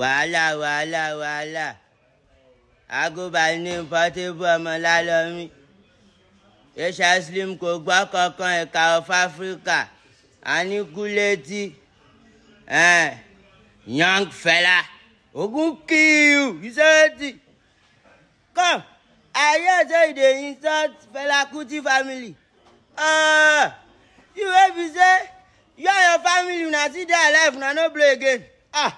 wàhálà wàhálà wàhálà àgùbà ní pọtébù ọmọ lálọmí asia slim kò gbọ́ kankan ẹ̀ka of africa anikuleti eh, young fella ogun kiu isẹ́rẹ́tì come i hear say you dey insult Fela Kuti family uh, you wey be say you and your family una still dey alive una no blow again ah.